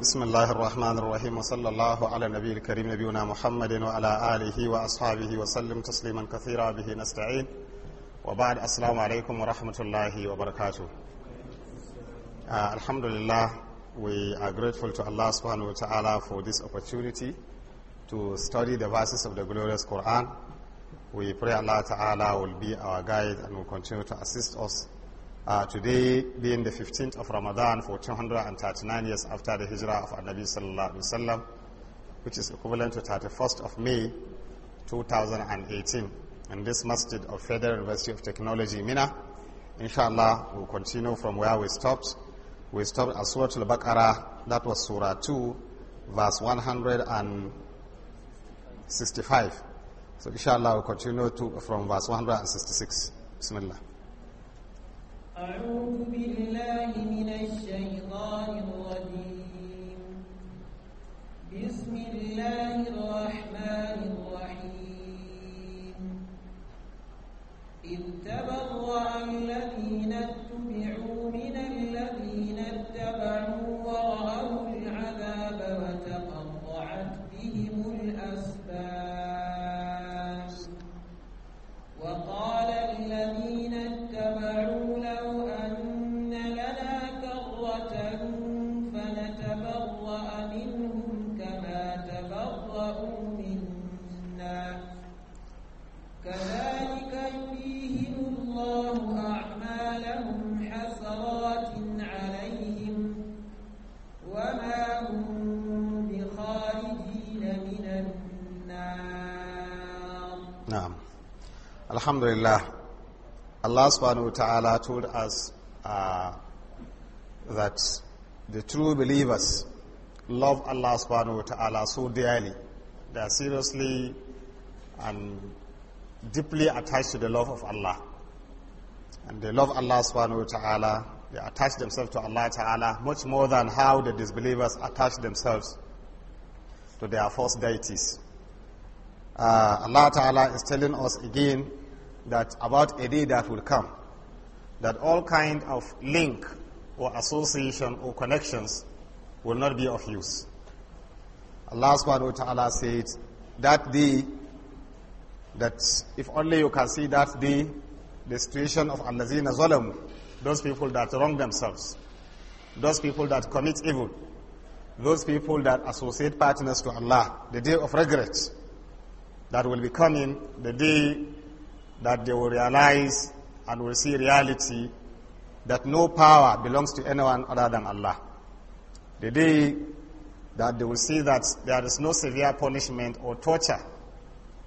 بسم الله الرحمن الرحيم وصلى الله على النبي الكريم نبينا محمد وعلى آله وأصحابه وسلم تسليما كثيرا به نستعين وبعد السلام عليكم ورحمة الله وبركاته uh, we are grateful to Allah subhanahu wa for this opportunity to study the verses of the glorious Quran we pray Allah ta'ala will be our guide and will continue to assist us Uh, today being the 15th of Ramadan, 1439 years after the hijrah of Nabi Sallallahu Alaihi Wasallam, which is equivalent to 31st of May 2018. In this masjid of Federal University of Technology, Mina, inshallah, we'll continue from where we stopped. We stopped at Surah Al-Baqarah, that was Surah 2, verse 165. So inshallah, we'll continue to, from verse 166. Bismillah. أعوذ بالله من الشيطان الرجيم بسم الله الرحمن الرحيم إذ تبرأ الذين اتبعوا من تكونوا بخارجين Allah subhanahu wa ta'ala told us uh, that the true believers love Allah subhanahu wa ta'ala so dearly. They are seriously and deeply attached to the love of Allah. And they love Allah subhanahu wa ta'ala they attach themselves to Allah Ta'ala much more than how the disbelievers attach themselves to their false deities. Uh, Allah Ta'ala is telling us again that about a day that will come, that all kind of link or association or connections will not be of use. Allah subhanahu wa ta'ala said that day that if only you can see that day the situation of Zina zalamu those people that wrong themselves, those people that commit evil, those people that associate partners to Allah, the day of regret that will be coming, the day that they will realize and will see reality that no power belongs to anyone other than Allah. The day that they will see that there is no severe punishment or torture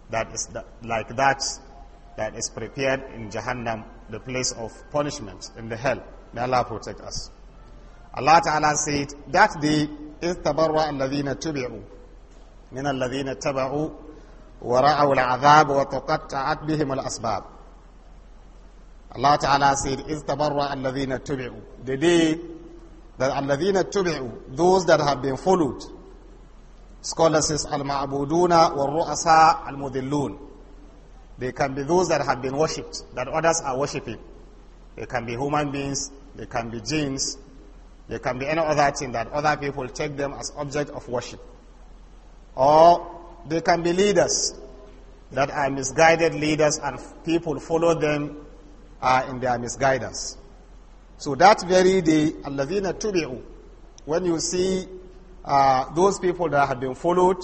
that is like that that is prepared in Jahannam, the place of punishment in the hell. May Allah protect us. Allah Ta'ala said, that day, min تَبَرَّأَ الَّذِينَ تُبِعُوا مِنَ al تَبَعُوا wa الْعَذَابَ وَتَقَطَّعَتْ al-asbab." Allah Ta'ala said, إِذْ al الَّذِينَ تُبِعُوا The day that الَّذِينَ تُبِعُوا Those that have been followed. Scholars say, al-ma'buduna wa ruasa al-mudillun. They can be those that have been worshipped, that others are worshipping. They can be human beings, they can be jinns, they can be any other thing that other people take them as object of worship. Or they can be leaders that are misguided leaders and people follow them are in their misguidance. So that very day, Alladhina Tubi'u, when you see uh, those people that have been followed,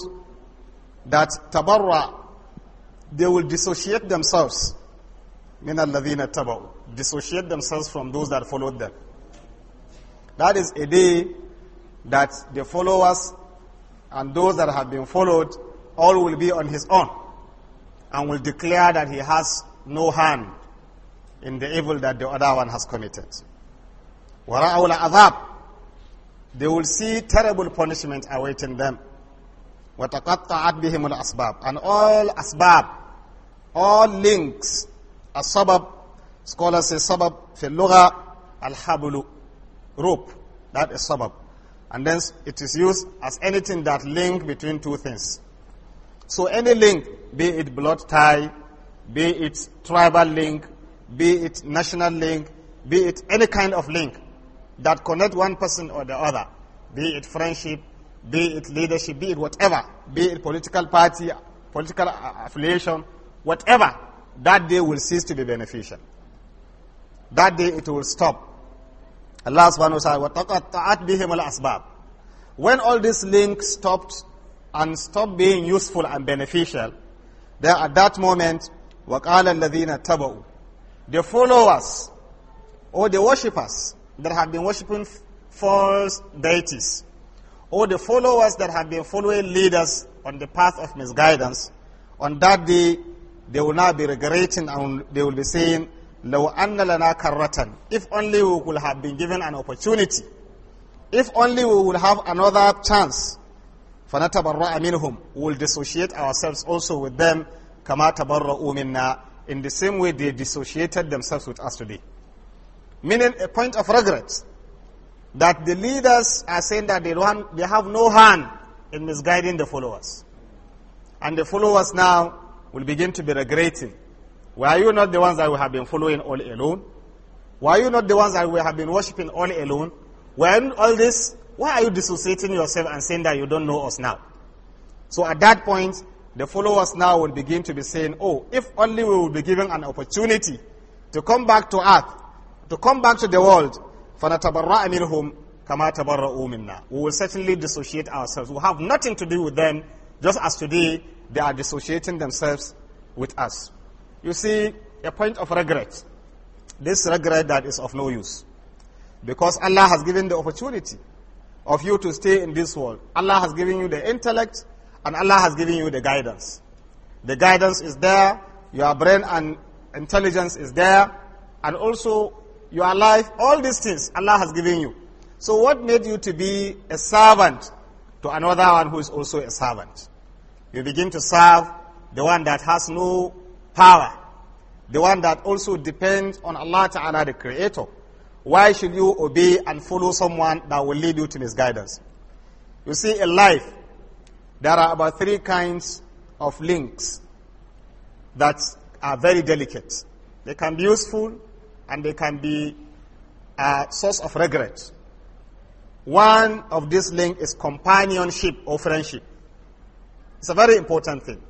that Tabarra they will dissociate themselves. من الذين تبعوا dissociate themselves from those that followed them. That is a day that the followers and those that have been followed all will be on his own and will declare that he has no hand in the evil that the other one has committed. وَرَأَوْا الْعَذَابِ They will see terrible punishment awaiting them. وَتَقَطَّعَتْ بِهِمُ الْأَسْبَابِ And all asbab, all links, a sabab, scholars say sabab, في اللغة الحبل, rope, that is sabab. And then it is used as anything that link between two things. So any link, be it blood tie, be it tribal link, be it national link, be it any kind of link that connect one person or the other, be it friendship, be it leadership, be it whatever, be it political party, political uh, uh, affiliation, whatever, that day will cease to be beneficial. That day it will stop. Allah subhanahu wa ta'ala, بِهِمُ When all these links stopped and stopped being useful and beneficial, then at that moment, وَقَالَ الَّذِينَ تَبَعُوا The followers or the worshippers that have been worshipping false deities, all the followers that have been following leaders on the path of misguidance, on that day they will now be regretting and they will be saying, لو أن لنا كرة If only we could have been given an opportunity. If only we would have another chance. فنتبرأ منهم We will dissociate ourselves also with them كما تبرأوا منا In the same way they dissociated themselves with us today. Meaning a point of regret that the leaders are saying that they, don't, they have no hand in misguiding the followers. And the followers now will begin to be regretting. Were you not the ones that we have been following all alone? Were you not the ones that we have been worshipping all alone? When all this, why are you dissociating yourself and saying that you don't know us now? So at that point, the followers now will begin to be saying, oh, if only we will be given an opportunity to come back to earth, to come back to the world, فَنَتَبَرَّأَ مِنْهُمْ كَمَا تَبَرَّؤُوا مِنَّا We will certainly dissociate ourselves. We have nothing to do with them, just as today they are dissociating themselves with us. You see, a point of regret. This regret that is of no use. Because Allah has given the opportunity of you to stay in this world. Allah has given you the intellect and Allah has given you the guidance. The guidance is there, your brain and intelligence is there, and also you are alive, all these things Allah has given you. So what made you to be a servant to another one who is also a servant? You begin to serve the one that has no power, the one that also depends on Allah Ta'ala the Creator. Why should you obey and follow someone that will lead you to misguidance? You see, in life, there are about three kinds of links that are very delicate. They can be useful, and they can be a source of regret. One of these links is companionship or friendship. It's a very important thing.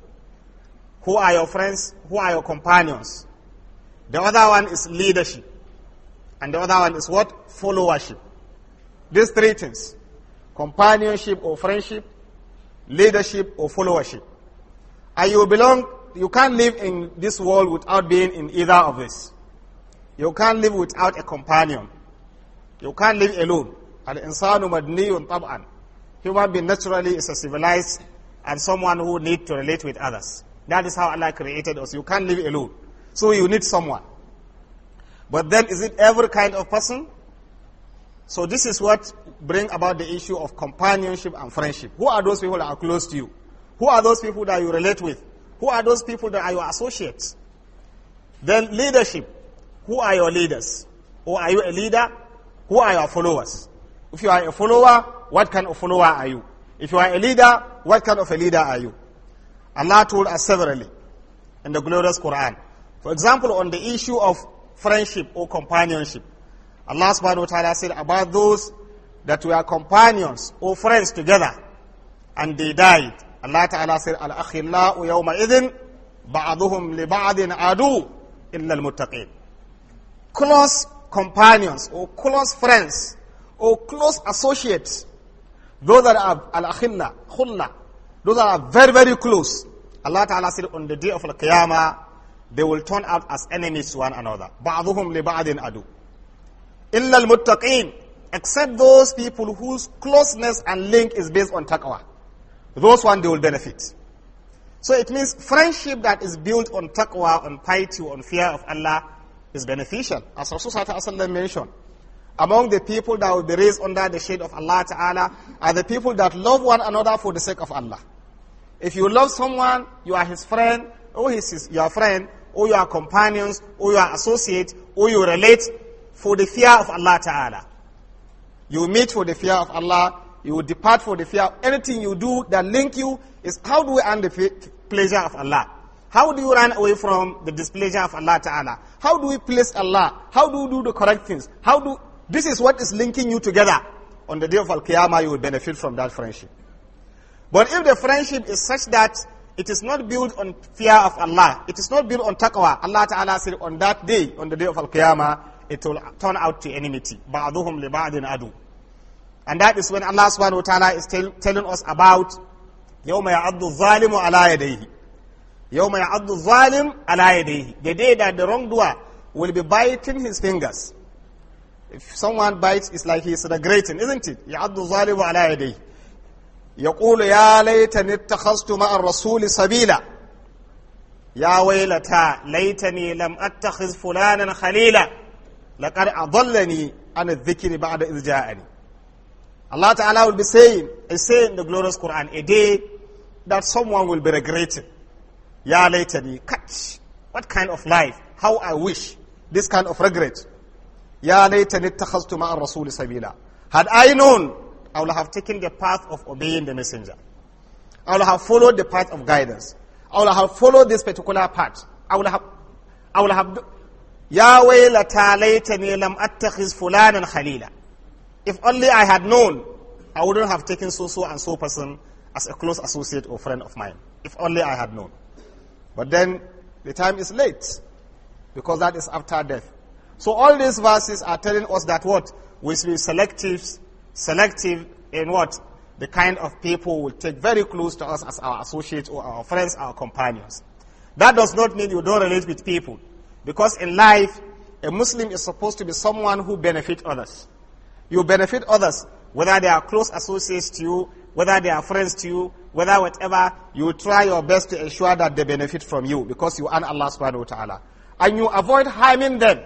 Who are your friends? Who are your companions? The other one is leadership. And the other one is what? Followership. These three things companionship or friendship, leadership or followership. And you belong, you can't live in this world without being in either of these. You can't live without a companion. You can't live alone. Al-insanu madniyun tab'an. Human being naturally is a civilized and someone who need to relate with others. That is how Allah created us. You can't live alone. So you need someone. But then is it every kind of person? So this is what bring about the issue of companionship and friendship. Who are those people that are close to you? Who are those people that you relate with? Who are those people that are your associates? Then leadership. Who are your leaders? Or are you a leader? Who are your followers? If you are a follower, what kind of follower are you? If you are a leader, what kind of a leader are you? Allah told us severally in the glorious Quran. For example, on the issue of friendship or companionship, Allah subhanahu wa ta'ala said about those that were companions or friends together and they died. Allah ta'ala said, Al-akhillahu yawma idhin ba'aduhum li ba'adin adu illa al-muttaqeen close companions or close friends or close associates, those that are al-akhilla, khulla, those that are very, very close, Allah Ta'ala said on the day of Al-Qiyamah, they will turn out as enemies to one another. بَعْضُهُمْ لِبَعْضٍ adu. إِلَّا الْمُتَّقِينَ Except those people whose closeness and link is based on taqwa. Those one they will benefit. So it means friendship that is built on taqwa, on piety, on fear of Allah, is beneficial. As Rasulullah mentioned, among the people that will be raised under the shade of Allah Ta'ala are the people that love one another for the sake of Allah. If you love someone, you are his friend, or he's his, your friend, or your companions, or your associate, or you relate for the fear of Allah Ta'ala. You meet for the fear of Allah, you depart for the fear. Anything you do that link you is how do we earn the pleasure of Allah? How do you run away from the displeasure of Allah Ta'ala? How do we place Allah? How do we do the correct things? How do, this is what is linking you together. On the day of Al-Qiyamah, you will benefit from that friendship. But if the friendship is such that it is not built on fear of Allah, it is not built on taqwa, Allah Ta'ala said on that day, on the day of Al-Qiyamah, it will turn out to enmity. بَعْضُهُمْ لِبَعْضٍ adu. And that is when Allah subhanahu wa ta'ala is tell, telling us about يَوْمَ يَعَضُّ الظَّالِمُ عَلَى يَدَيْهِ Yawma ya'addu zalim ala yadayhi. The day that the wrongdoer will be biting his fingers. If someone bites, it's like he's regretting, isn't it? يعض الظالم على يديه. يقول يا ليتني اتخذت مع الرسول سبيلا. يا ويلتى ليتني لم اتخذ فلانا خليلا. لقد اضلني عن الذكر بعد اذ جاءني. Allah Ta'ala will be saying, saying in the glorious Quran, a day that someone will be regretting. Ya laytani, catch. What kind of life? How I wish. This kind of regret. Ya laytani takhaztu ma'a rasuli sabila. Had I known, I would have taken the path of obeying the messenger. I would have followed the path of guidance. I would have followed this particular path. I would have, I would have, Ya waylata laytani lam attakhiz fulanan khalila. If only I had known, I wouldn't have taken so-so and so person as a close associate or friend of mine. If only I had known. But then the time is late because that is after death. So all these verses are telling us that what? We should be selective, selective in what? The kind of people will take very close to us as our associates or our friends, our companions. That does not mean you don't relate with people. Because in life, a Muslim is supposed to be someone who benefit others. You benefit others, whether they are close associates to you, whether they are friends to you, whether whatever, you try your best to ensure that they benefit from you because you earn Allah subhanahu wa ta'ala. And you avoid harming them,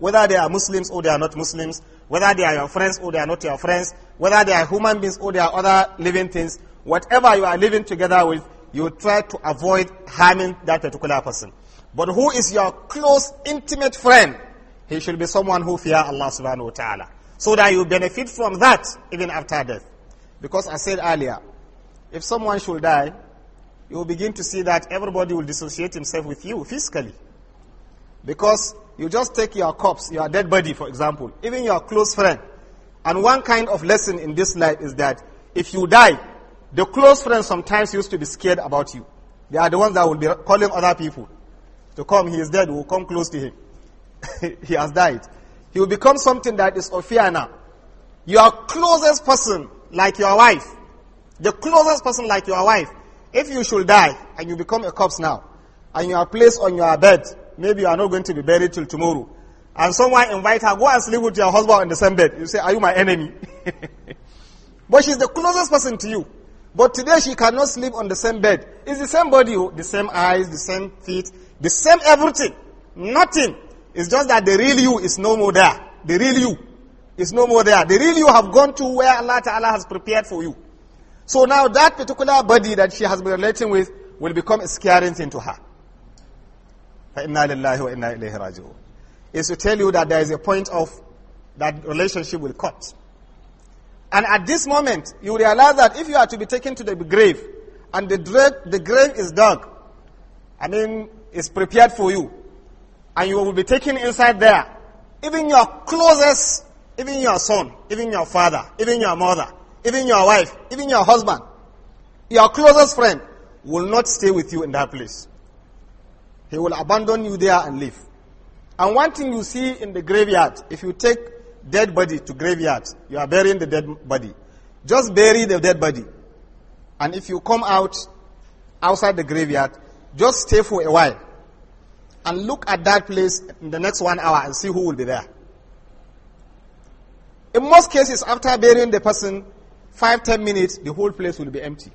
whether they are Muslims or they are not Muslims, whether they are your friends or they are not your friends, whether they are human beings or they are other living things, whatever you are living together with, you try to avoid harming that particular person. But who is your close, intimate friend? He should be someone who fear Allah subhanahu wa ta'ala. So that you benefit from that even after death. Because I said earlier, if someone should die, you will begin to see that everybody will dissociate himself with you physically. Because you just take your corpse, your dead body, for example, even your close friend. And one kind of lesson in this life is that if you die, the close friends sometimes used to be scared about you. They are the ones that will be calling other people to come. He is dead. We'll come close to him. he has died. He will become something that is of fear now. Your closest person, like your wife, the closest person like your wife, if you should die and you become a corpse now, and you are placed on your bed, maybe you are not going to be buried till tomorrow, and someone invite her, go and sleep with your husband in the same bed. You say, are you my enemy? but she's the closest person to you. But today she cannot sleep on the same bed. It's the same body, the same eyes, the same feet, the same everything. Nothing. It's just that the real you is no more there. The real you is no more there. The real you have gone to where Allah Ta'ala has prepared for you. So now that particular body that she has been relating with will become a scaring thing to her. Is to tell you that there is a point of that relationship will cut. And at this moment, you realize that if you are to be taken to the grave, and the, the grave is dug, I mean, it's prepared for you, and you will be taken inside there, even your closest, even your son, even your father, even your mother, even your wife, even your husband, your closest friend will not stay with you in that place. He will abandon you there and leave. And one thing you see in the graveyard, if you take dead body to graveyard, you are burying the dead body. Just bury the dead body. And if you come out outside the graveyard, just stay for a while and look at that place in the next one hour and see who will be there. In most cases, after burying the person, five, ten minutes, the whole place will be empty.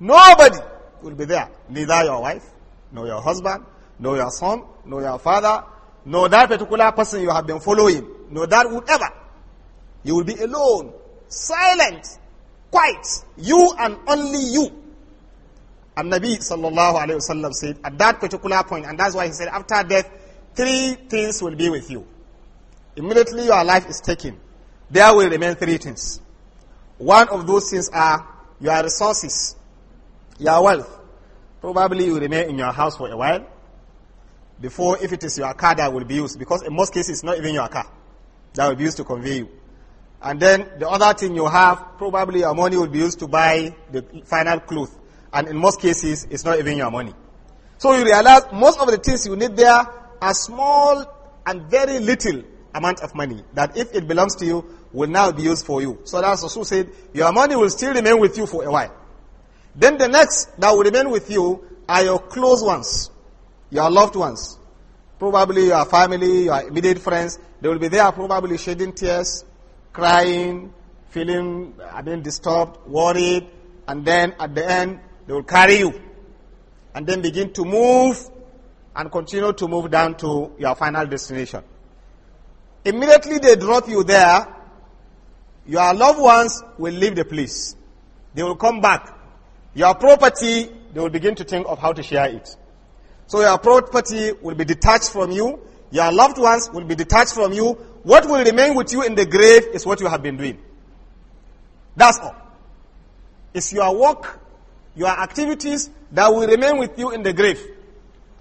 Nobody will be there. Neither your wife, nor your husband, nor your son, nor your father, nor that particular person you have been following, nor that whoever. You will be alone, silent, quiet, you and only you. And Nabi sallallahu alayhi wasallam said at that particular point, and that's why he said after death, three things will be with you. Immediately your life is taken. There will remain three things. One of those things are your resources, your wealth. Probably you remain in your house for a while before, if it is your car that will be used, because in most cases, it's not even your car that will be used to convey you. And then the other thing you have, probably your money will be used to buy the final clothes. And in most cases, it's not even your money. So you realize most of the things you need there are small and very little amount of money that if it belongs to you, will now be used for you. So that's Rasul said, your money will still remain with you for a while. Then the next that will remain with you are your close ones, your loved ones. Probably your family, your immediate friends. They will be there probably shedding tears, crying, feeling, I mean, disturbed, worried. And then at the end, they will carry you. And then begin to move and continue to move down to your final destination. Immediately they drop you there, your loved ones will leave the place. They will come back. Your property, they will begin to think of how to share it. So your property will be detached from you. Your loved ones will be detached from you. What will remain with you in the grave is what you have been doing. That's all. It's your work, your activities that will remain with you in the grave.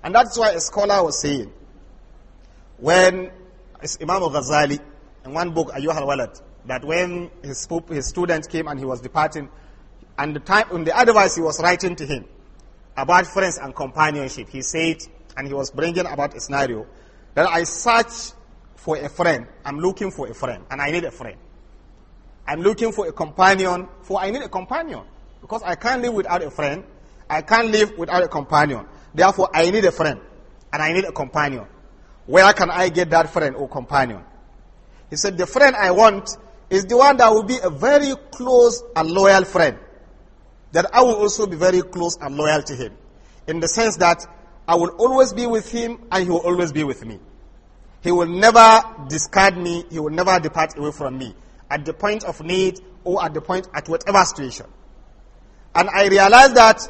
And that's why a scholar was saying, when Imam Ghazali, in one book, Ayyuhal Walad, that when his, his student came and he was departing, and the time, in the advice he was writing to him about friends and companionship, he said, and he was bringing about a scenario, that I search for a friend. I'm looking for a friend, and I need a friend. I'm looking for a companion, for I need a companion. Because I can't live without a friend. I can't live without a companion. Therefore, I need a friend, and I need a companion. Where can I get that friend or companion? He said, The friend I want is the one that will be a very close and loyal friend. That I will also be very close and loyal to him. In the sense that I will always be with him and he will always be with me. He will never discard me. He will never depart away from me at the point of need or at the point at whatever situation. And I realize that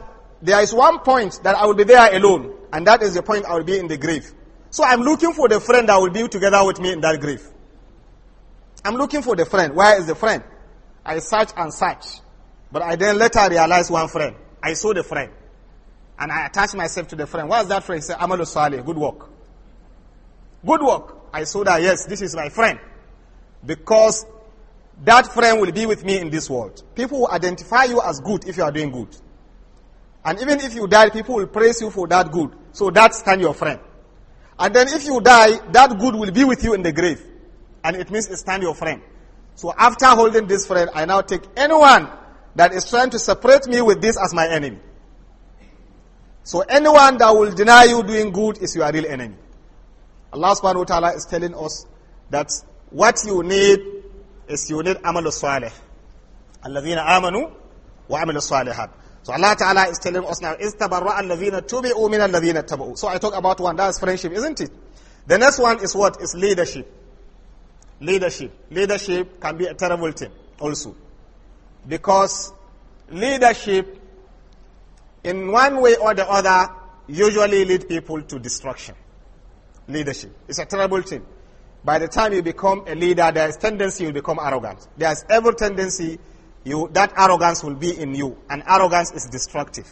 there is one point that I will be there alone, and that is the point I will be in the grave. So I'm looking for the friend that will be together with me in that grave. I'm looking for the friend. Where is the friend? I search and search. But I then later realized one friend. I saw the friend. And I attached myself to the friend. What is that friend? He said, Amalu Saleh, good work. Good work. I saw that, yes, this is my friend. Because that friend will be with me in this world. People will identify you as good if you are doing good. And even if you die, people will praise you for that good. So that's kind of your friend. And then if you die, that good will be with you in the grave. And it means stand your friend. So after holding this friend, I now take anyone that is trying to separate me with this as my enemy. So anyone that will deny you doing good is your real enemy. Allah subhanahu wa ta'ala is telling us that what you need is you need amal salih. Alladhina amanu wa amal salihat. So Allah ta'ala is telling us now, istabarra alladhina tubi'u min alladhina tabu'u. So I talk about one, that is friendship, isn't it? The next one is what? Is leadership leadership. Leadership can be a terrible thing also. Because leadership, in one way or the other, usually lead people to destruction. Leadership. is a terrible thing. By the time you become a leader, there is tendency you become arrogant. There is every tendency you, that arrogance will be in you. And arrogance is destructive.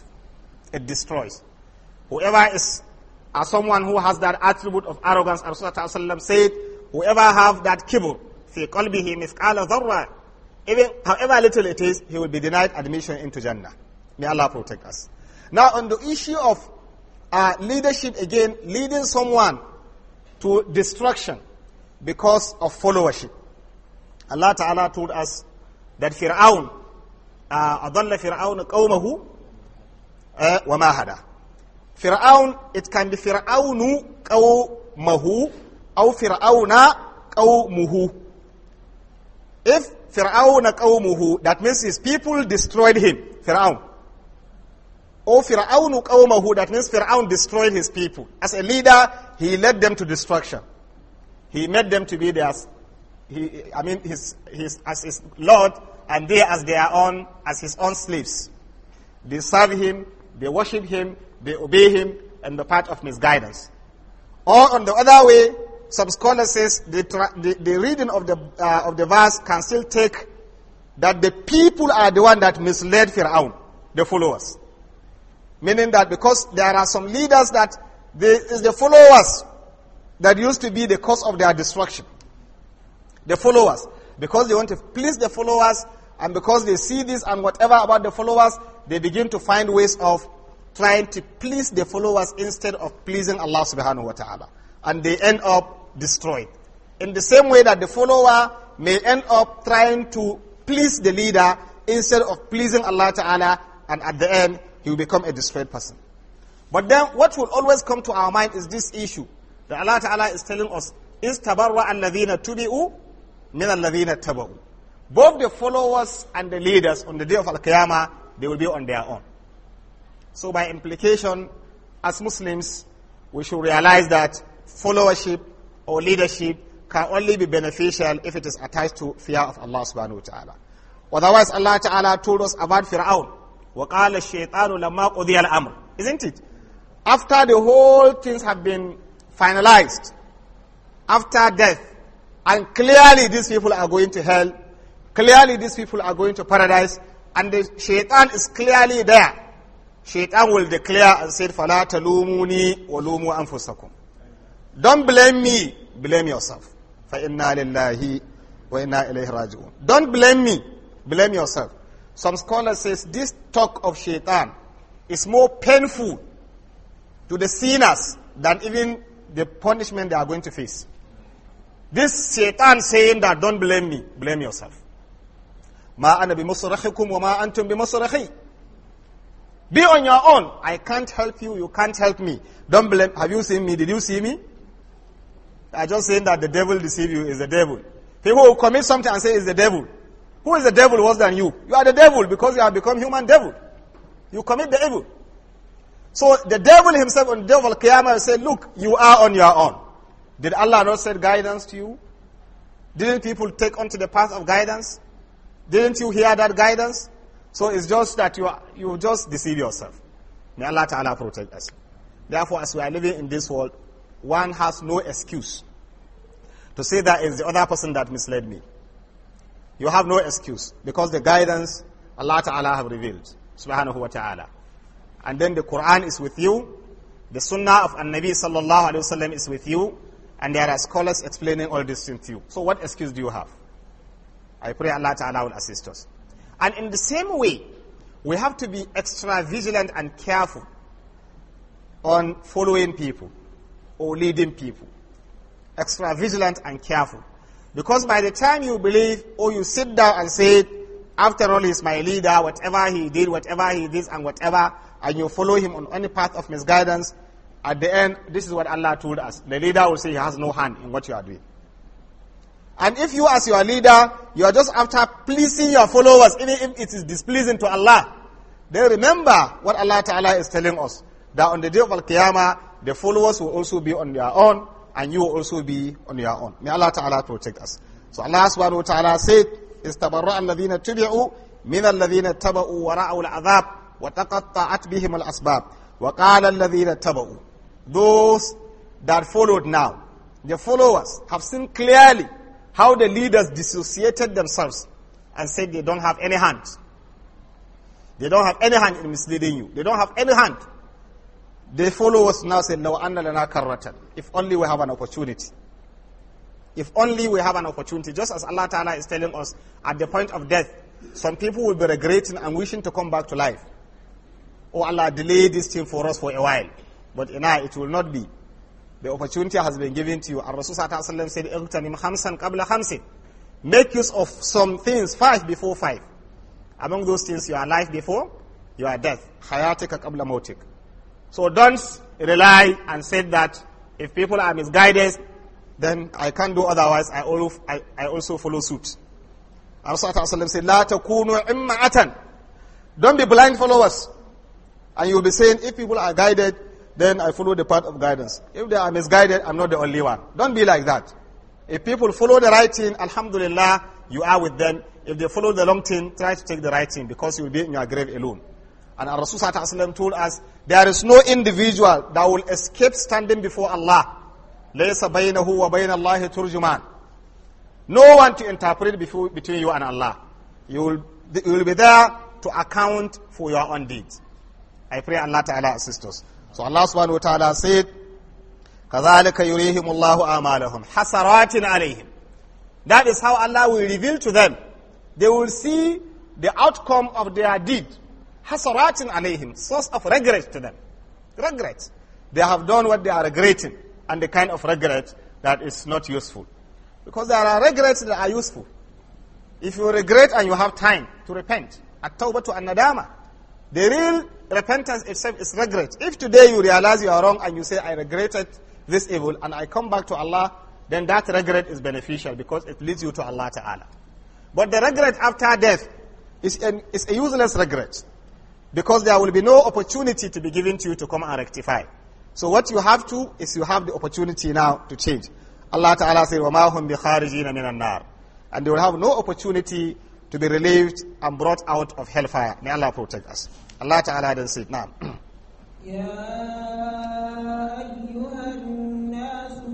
It destroys. Whoever is uh, someone who has that attribute of arrogance, Rasulullah said, Whoever have that kibble, fi qalbihi misqala dharra, even however little it is, he will be denied admission into Jannah. May Allah protect us. Now on the issue of uh, leadership again, leading someone to destruction because of followership. Allah Ta'ala told us that Fir'aun, uh, أَضَلَّ فِرْعَوْنَ قَوْمَهُ uh, وَمَا هَدَى Fir'aun, it can be Fir'aunu قَوْمَهُ أو فرعون قومه If فرعون قومه that means his people destroyed him فرعون Or فرعون قومه that means فرعون destroyed his people As a leader he led them to destruction He made them to be their he, I mean his, his, as his Lord and they as their own as his own slaves They serve him they worship him they obey him and the path of misguidance or on the other way some scholars says the, the, the reading of the, uh, of the verse can still take that the people are the one that misled Pharaoh, the followers. Meaning that because there are some leaders that they, is the followers that used to be the cause of their destruction. The followers. Because they want to please the followers and because they see this and whatever about the followers, they begin to find ways of trying to please the followers instead of pleasing Allah subhanahu wa ta'ala. And they end up destroyed. In the same way that the follower may end up trying to please the leader instead of pleasing Allah Ta'ala, and at the end, he will become a destroyed person. But then, what will always come to our mind is this issue that Allah Ta'ala is telling us, is tabarwa alladhina tubi'u min alladhina tabu. Both the followers and the leaders on the day of Al-Qiyamah, they will be on their own. So by implication, as Muslims, we should realize that followership or leadership can only be beneficial if it is attached to fear of Allah subhanahu wa ta'ala. Otherwise, Allah ta'ala told us about Fir'aun. وَقَالَ الشَّيْطَانُ لَمَّا قُضِيَ الْأَمْرُ Isn't it? After the whole things have been finalized, after death, and clearly these people are going to hell, clearly these people are going to paradise, and the shaitan is clearly there. Shaitan will declare and say, فَلَا تَلُومُونِي وَلُومُوا أَنفُسَكُمْ don't blame me. Blame yourself. فَإِنَّا لِلَّهِ وَإِنَّا إِلَيْهِ رَاجِعُونَ Don't blame me. Blame yourself. Some scholars says this talk of shaitan is more painful to the sinners than even the punishment they are going to face. This shaitan saying that don't blame me, blame yourself. ما أنا بمصرخكم وما أنتم بمصرخي. Be on your own. I can't help you. You can't help me. Don't blame. Have you seen me? Did you see me? I'm just saying that the devil deceive you is the devil. People who commit something and say it's the devil. Who is the devil worse than you? You are the devil because you have become human devil. You commit the evil. So the devil himself on the devil Qiyamah said, look, you are on your own. Did Allah not send guidance to you? Didn't people take onto the path of guidance? Didn't you hear that guidance? So it's just that you, are, you just deceive yourself. May Allah Ta'ala protect us. Therefore, as we are living in this world, one has no excuse to say that it's the other person that misled me. You have no excuse because the guidance Allah Ta'ala have revealed. Subhanahu wa Ta'ala. And then the Quran is with you. The Sunnah of An-Nabi Sallallahu Alaihi Wasallam is with you. And there are scholars explaining all this to you. So what excuse do you have? I pray Allah Ta'ala will assist us. And in the same way, we have to be extra vigilant and careful on following people or leading people. Extra vigilant and careful. Because by the time you believe or you sit down and say, after all, he's my leader, whatever he did, whatever he did, and whatever, and you follow him on any path of misguidance, at the end, this is what Allah told us. The leader will say he has no hand in what you are doing. And if you, as your leader, you are just after pleasing your followers, even if it is displeasing to Allah, then remember what Allah Ta'ala is telling us. That on the day of Al-Qiyamah, the followers will also be on their own, and you will also be on your own. May Allah Ta'ala protect us. So Allah Subhanahu wa Ta'ala said, استبرأ الذين تبعوا من الذين اتبعوا ورأوا العذاب وتقطعت بهم الأسباب وقال الذين اتبعوا Those that followed now, the followers have seen clearly how the leaders dissociated themselves and said they don't have any hand. They don't have any hand in misleading you. They don't have any hand they follow us now, say, Law anna lana karratan. If only we have an opportunity. If only we have an opportunity. Just as Allah Ta'ala is telling us, at the point of death, some people will be regretting and wishing to come back to life. Oh Allah, delay this thing for us for a while. But in it will not be. The opportunity has been given to you. And Rasul said, Iqtanim khamsan qabla khamsin. Make use of some things five before five. Among those things, you are life before your death. Hayatika qabla mautik. So don't rely and say that if people are misguided, then I can't do otherwise. I, I, I also follow suit. Rasulullah said, La takunu am going do not be blind followers. And you'll be saying, if people are guided, then I follow the path of guidance. If they are misguided, I'm not the only one. Don't be like that. If people follow the right thing, alhamdulillah, you are with them. If they follow the wrong thing, try to take the right thing because you'll be in your grave alone. And our Rasul told us, there is no individual that will escape standing before Allah. لَيْسَ بَيْنَهُ وَبَيْنَ اللَّهِ تُرْجُمَانِ No one to interpret before, between you and Allah. You will, you will be there to account for your own deeds. I pray Allah Ta'ala assist us. So Allah Subhanahu wa Ta'ala said, كَذَلِكَ يُرِيهِمُ اللَّهُ أعمالهم حَسَرَاتٍ عَلَيْهِمْ That is how Allah will reveal to them. They will see the outcome of their deed hasaratin alayhim, source of regret to them. Regret. They have done what they are regretting and the kind of regret that is not useful. Because there are regrets that are useful. If you regret and you have time to repent, at tawbah to anadama, the real repentance itself is regret. If today you realize you are wrong and you say, I regretted this evil and I come back to Allah, then that regret is beneficial because it leads you to Allah Ta'ala. But the regret after death is, an, is a useless regret. Because there will be no opportunity to be given to you to come and rectify. So what you have to is you have the opportunity now to change. Allah Ta'ala said, وَمَا هُمْ بِخَارِجِينَ مِنَ النَّارِ And they will have no opportunity to be relieved and brought out of hellfire. May Allah protect us. Allah Ta'ala then said, نعم. يا أيها الناس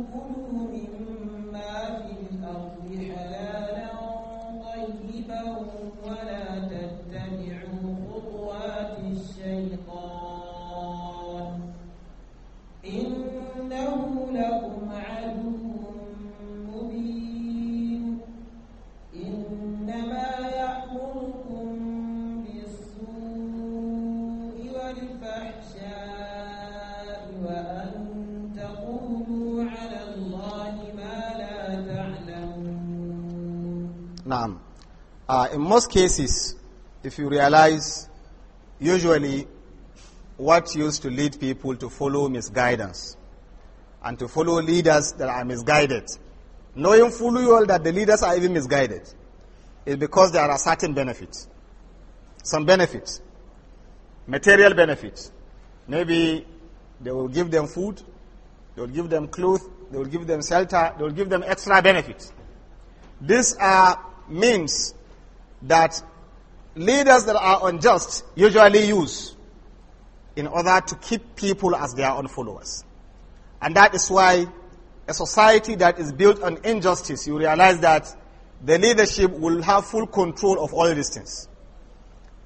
Uh, in most cases, if you realize, usually what used to lead people to follow misguidance and to follow leaders that are misguided, knowing fully well that the leaders are even misguided, is because there are certain benefits. Some benefits, material benefits. Maybe they will give them food, they will give them clothes, they will give them shelter, they will give them extra benefits. These are means that leaders that are unjust usually use in order to keep people as their own followers. And that is why a society that is built on injustice, you realize that the leadership will have full control of all these things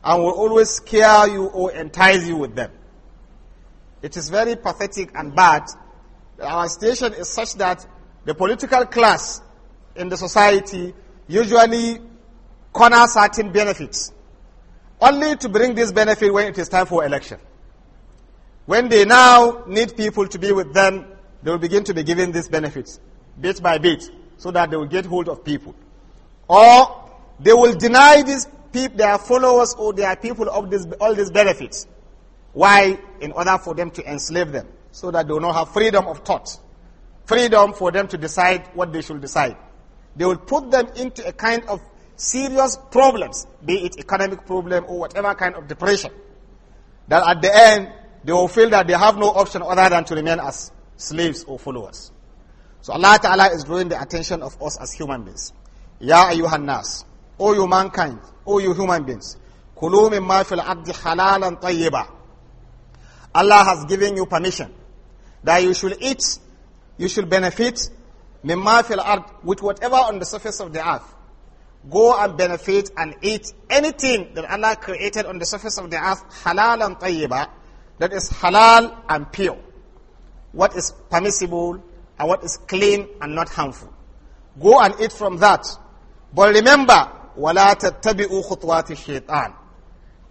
and will always scare you or entice you with them. It is very pathetic and bad. Our situation is such that the political class in the society usually corner certain benefits, only to bring this benefit when it is time for election. When they now need people to be with them, they will begin to be given these benefits, bit by bit, so that they will get hold of people. Or they will deny these people, their followers or their people of this, all these benefits. Why? In order for them to enslave them, so that they will not have freedom of thought, freedom for them to decide what they should decide. They will put them into a kind of serious problems, be it economic problem or whatever kind of depression, that at the end they will feel that they have no option other than to remain as slaves or followers. So Allah Ta'ala is drawing the attention of us as human beings. Ya ayyuhan nas, O you mankind, O you human beings, kulu mimma fil abdi halalan tayyiba. Allah has given you permission that you should eat, you should benefit mimma fil ard with whatever on the surface of the earth go and benefit and eat anything that Allah created on the surface of the earth, halal and tayyiba, that is halal and pure. What is permissible and what is clean and not harmful. Go and eat from that. But remember, وَلَا تَتَّبِعُوا خُطْوَاتِ الشَّيْطَانِ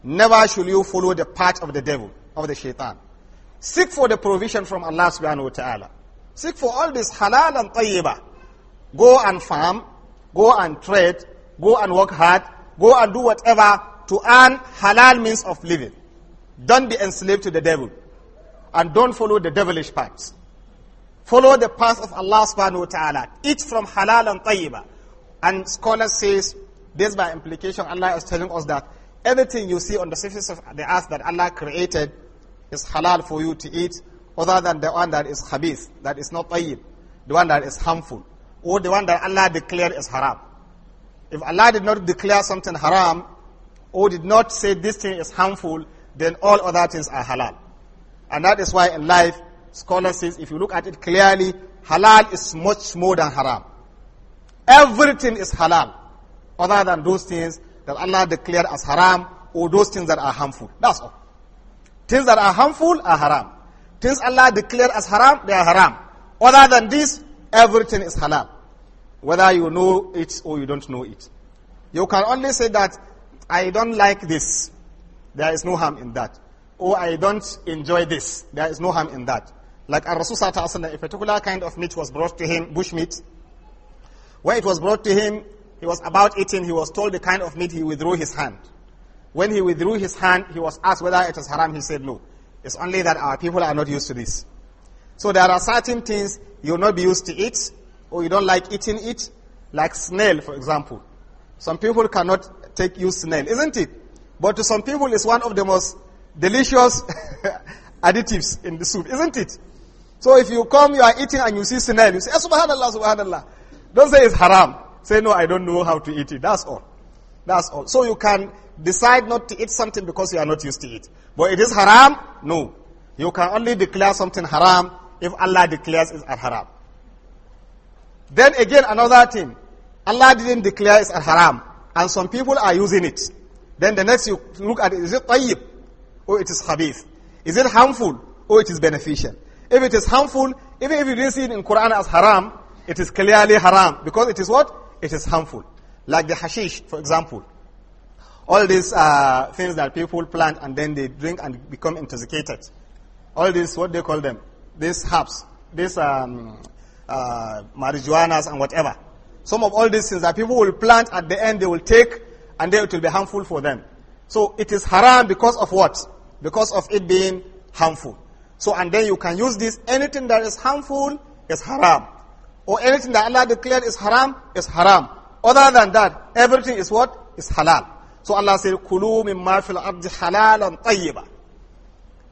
Never should you follow the path of the devil, of the shaitan. Seek for the provision from Allah subhanahu wa ta'ala. Seek for all this halal and tayyiba. Go and farm, go and trade, Go and work hard. Go and do whatever to earn halal means of living. Don't be enslaved to the devil. And don't follow the devilish paths. Follow the path of Allah subhanahu wa ta'ala. Eat from halal and tayyibah. And scholars says, this by implication, Allah is telling us that everything you see on the surface of the earth that Allah created is halal for you to eat, other than the one that is khabith, that is not tayyib, the one that is harmful, or the one that Allah declared as haram. If Allah did not declare something haram or did not say this thing is harmful, then all other things are halal. And that is why in life, scholars says, if you look at it clearly, halal is much more than haram. Everything is halal, other than those things that Allah declared as haram or those things that are harmful. That's all. Things that are harmful are haram. Things Allah declared as haram, they are haram. Other than this, everything is halal whether you know it or you don't know it. You can only say that I don't like this. There is no harm in that. Or I don't enjoy this. There is no harm in that. Like Al if a particular kind of meat was brought to him, bush meat. When it was brought to him, he was about eating, he was told the kind of meat, he withdrew his hand. When he withdrew his hand, he was asked whether it was haram, he said no. It's only that our people are not used to this. So there are certain things you'll not be used to it, or you don't like eating it, like snail, for example. Some people cannot take you snail, isn't it? But to some people, it's one of the most delicious additives in the soup, isn't it? So if you come, you are eating and you see snail, you say, ah, subhanallah, subhanallah. Don't say it's haram. Say, no, I don't know how to eat it. That's all. That's all. So you can decide not to eat something because you are not used to it. But it is haram? No. You can only declare something haram if Allah declares it haram. Then again, another thing. Allah didn't declare it's a haram. And some people are using it. Then the next you look at it, is it tayyib or it is habith? Is it harmful or it is beneficial? If it is harmful, even if you didn't see it in Quran as haram, it is clearly haram. Because it is what? It is harmful. Like the hashish, for example. All these uh, things that people plant and then they drink and become intoxicated. All these, what they call them? These herbs. These um, uh, marijuanas and whatever. Some of all these things that people will plant at the end, they will take, and then it will be harmful for them. So it is haram because of what? Because of it being harmful. So and then you can use this. Anything that is harmful is haram. Or anything that Allah declared is haram is haram. Other than that, everything is what? Is halal. So Allah said, Kulu mimma fil ardi halalan tayyiba.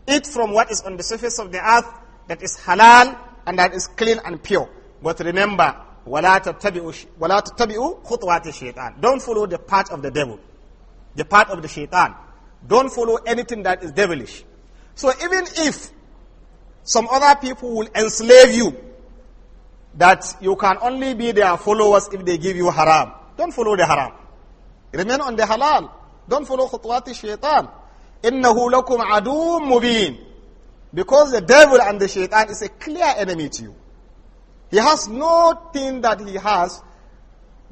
Eat from what is on the surface of the earth that is halal and that is clean and pure. But remember, وَلَا تَتَّبِعُوا خُطْوَاتِ shaitan. Don't follow the path of the devil, the path of the shaitan. Don't follow anything that is devilish. So even if some other people will enslave you, that you can only be their followers if they give you haram. Don't follow the haram. Remain on the halal. Don't follow خطوات الشيطان. إنه لكم عدو مبين. Because the devil and the shaitan is a clear enemy to you. He has no thing that he has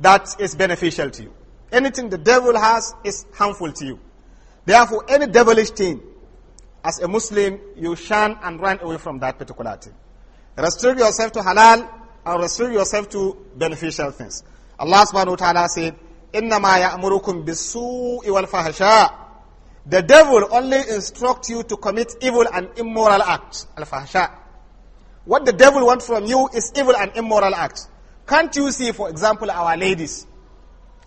that is beneficial to you. Anything the devil has is harmful to you. Therefore, any devilish thing, as a Muslim, you shun and run away from that particular thing. Restrict yourself to halal and restrict yourself to beneficial things. Allah subhanahu wa ta'ala said, إِنَّمَا يَأْمُرُكُمْ بِالسُّوءِ وَالْفَحَشَاءِ the devil only instructs you to commit evil and immoral acts. Al-Fahsha. What the devil wants from you is evil and immoral acts. Can't you see, for example, our ladies?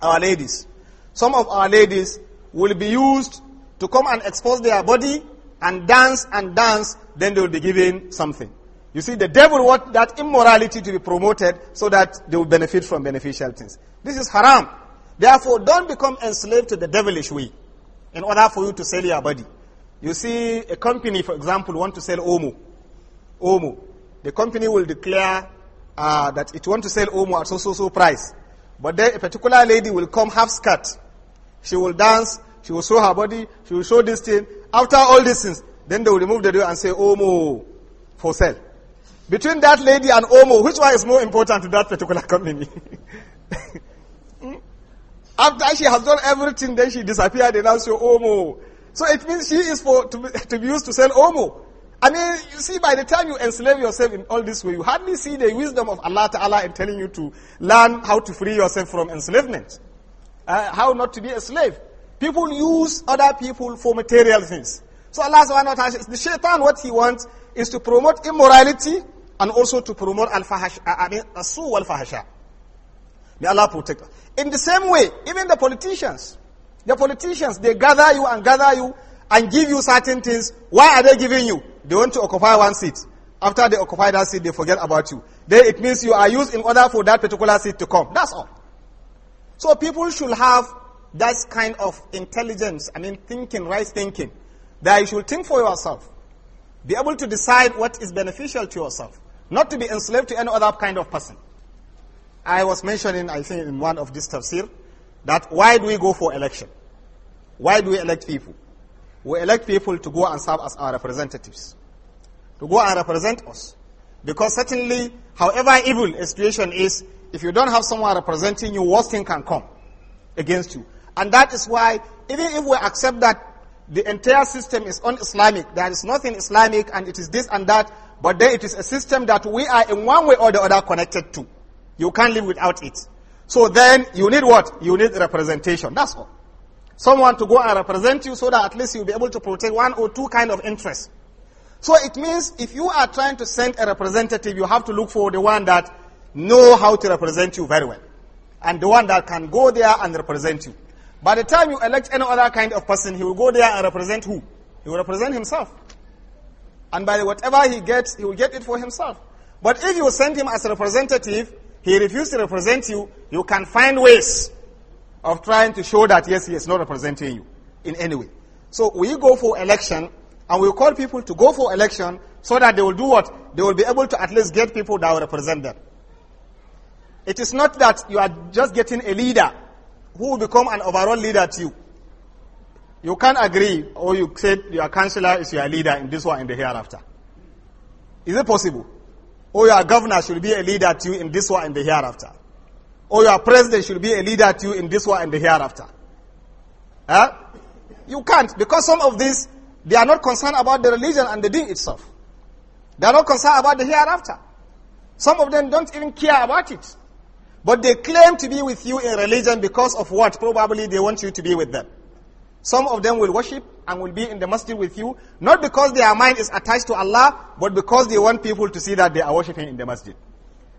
Our ladies. Some of our ladies will be used to come and expose their body and dance and dance, then they will be given something. You see, the devil wants that immorality to be promoted so that they will benefit from beneficial things. This is haram. Therefore, don't become enslaved to the devilish way in order for you to sell your body. You see, a company, for example, want to sell Omo. Omo. The company will declare uh, that it want to sell Omo at so so so price. But then a particular lady will come half skirt. She will dance, she will show her body, she will show this thing. After all these things, then they will remove the door and say Omo for sale. Between that lady and Omo, which one is more important to that particular company? After she has done everything, then she disappeared and now she Omo. So it means she is for to be, to be used to sell Omo. I mean, you see, by the time you enslave yourself in all this way, you hardly see the wisdom of Allah Ta'ala in telling you to learn how to free yourself from enslavement. Uh, how not to be a slave. People use other people for material things. So Allah subhanahu wa ta'ala, the shaitan, what he wants is to promote immorality and also to promote al-fahash, uh, I mean, su al-fahasha. May Allah protect us. In the same way, even the politicians, the politicians, they gather you and gather you and give you certain things. Why are they giving you? They want to occupy one seat. After they occupy that seat, they forget about you. Then it means you are used in order for that particular seat to come. That's all. So people should have that kind of intelligence, I mean thinking, right thinking, that you should think for yourself. Be able to decide what is beneficial to yourself. Not to be enslaved to any other kind of person. I was mentioning, I think, in one of these tafsir, that why do we go for election? Why do we elect people? We elect people to go and serve as our representatives, to go and represent us. Because certainly, however evil a situation is, if you don't have someone representing you, worst thing can come against you. And that is why, even if we accept that the entire system is un-Islamic, there is nothing Islamic and it is this and that, but then it is a system that we are in one way or the other connected to. You can't live without it. So then you need what? You need representation. That's all. Someone to go and represent you so that at least you'll be able to protect one or two kind of interests. So it means if you are trying to send a representative, you have to look for the one that know how to represent you very well. And the one that can go there and represent you. By the time you elect any other kind of person, he will go there and represent who? He will represent himself. And by whatever he gets, he will get it for himself. But if you send him as a representative, he refused to represent you, you can find ways of trying to show that, yes, he is not representing you in any way. So we go for election and we call people to go for election so that they will do what? They will be able to at least get people that will represent them. It is not that you are just getting a leader who will become an overall leader to you. You can't agree or you said your counselor is your leader in this one and the hereafter. Is it possible? Or oh, your governor should be a leader to you in this war and the hereafter. Or oh, your president should be a leader to you in this war and the hereafter. Huh? You can't, because some of these, they are not concerned about the religion and the deen itself. They are not concerned about the hereafter. Some of them don't even care about it. But they claim to be with you in religion because of what? Probably they want you to be with them. Some of them will worship, and will be in the masjid with you, not because their mind is attached to Allah, but because they want people to see that they are worshipping in the masjid,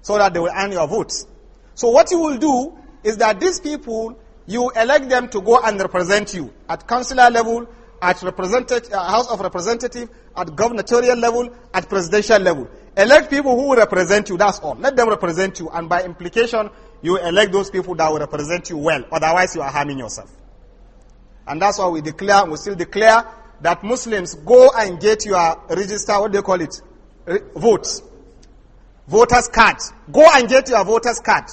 so that they will earn your votes. So what you will do is that these people, you elect them to go and represent you at councillor level, at representative, uh, House of Representative, at gubernatorial level, at presidential level. Elect people who will represent you, that's all. Let them represent you, and by implication, you elect those people that will represent you well. Otherwise, you are harming yourself. And that's why we declare, we still declare that Muslims go and get your register, what do you call it? Re votes. Voters card. Go and get your voters card.